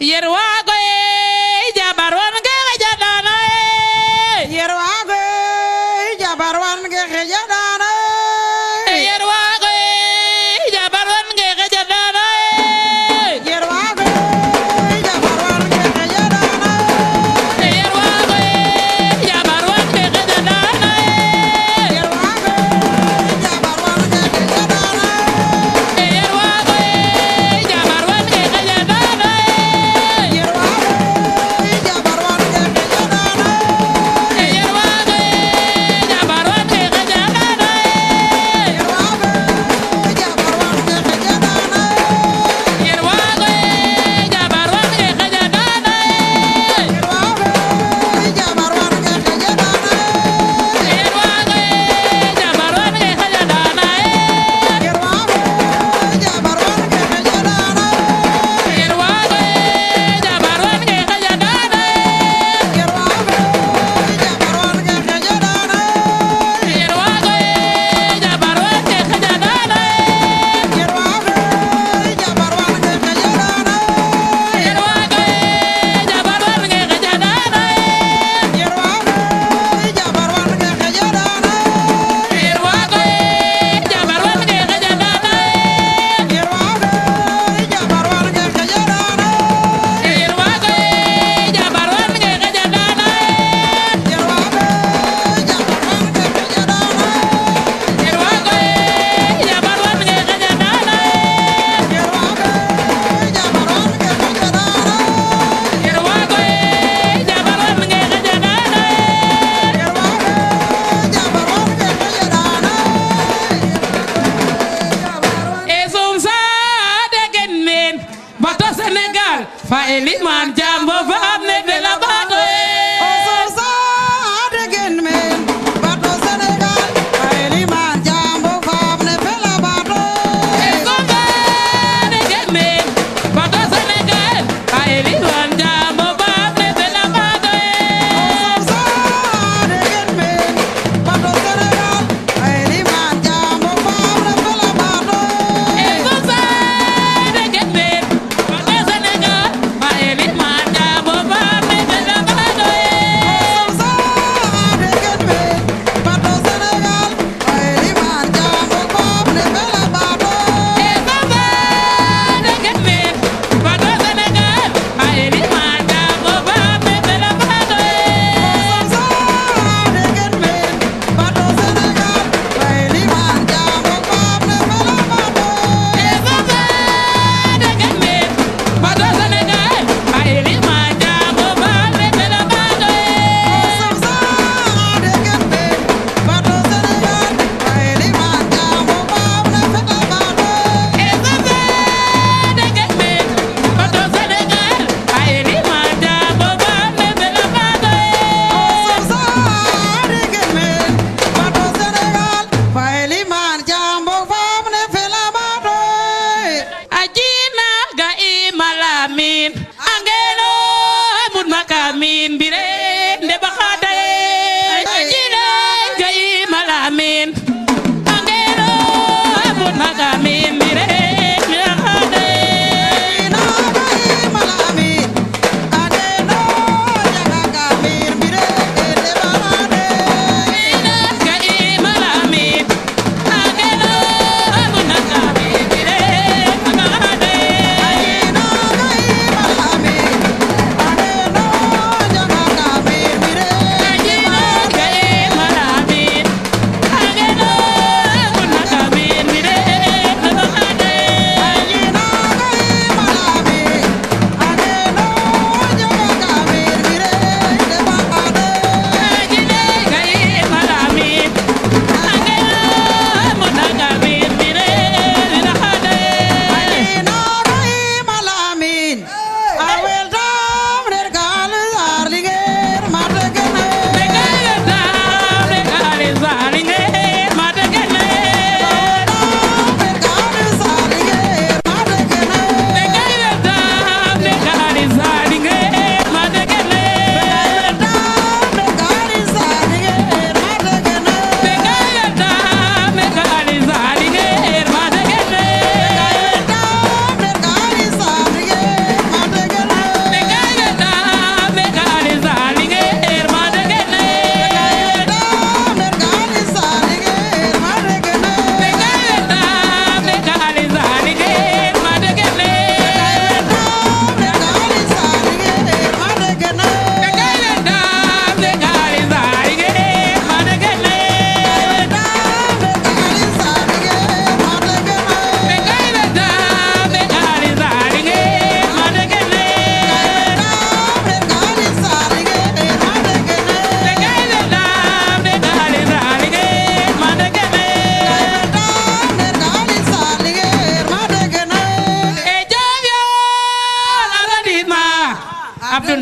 yer waago ye Sénégal fa Elimane Jambo fa am ne de la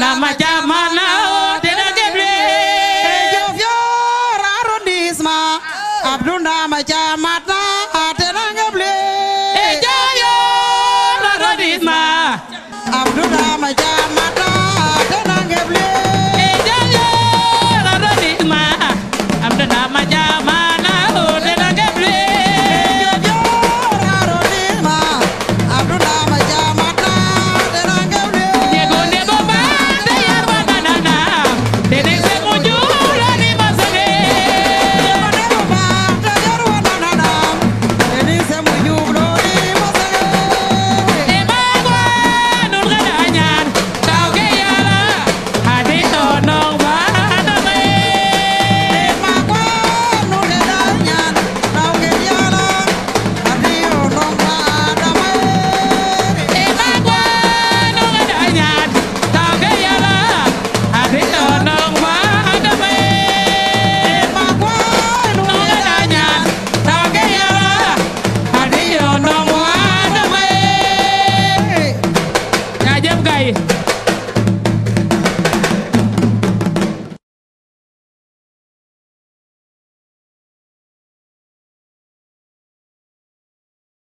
sama jamana o dina jëble Diofior arrondissement ah. Abdou Ndama Jama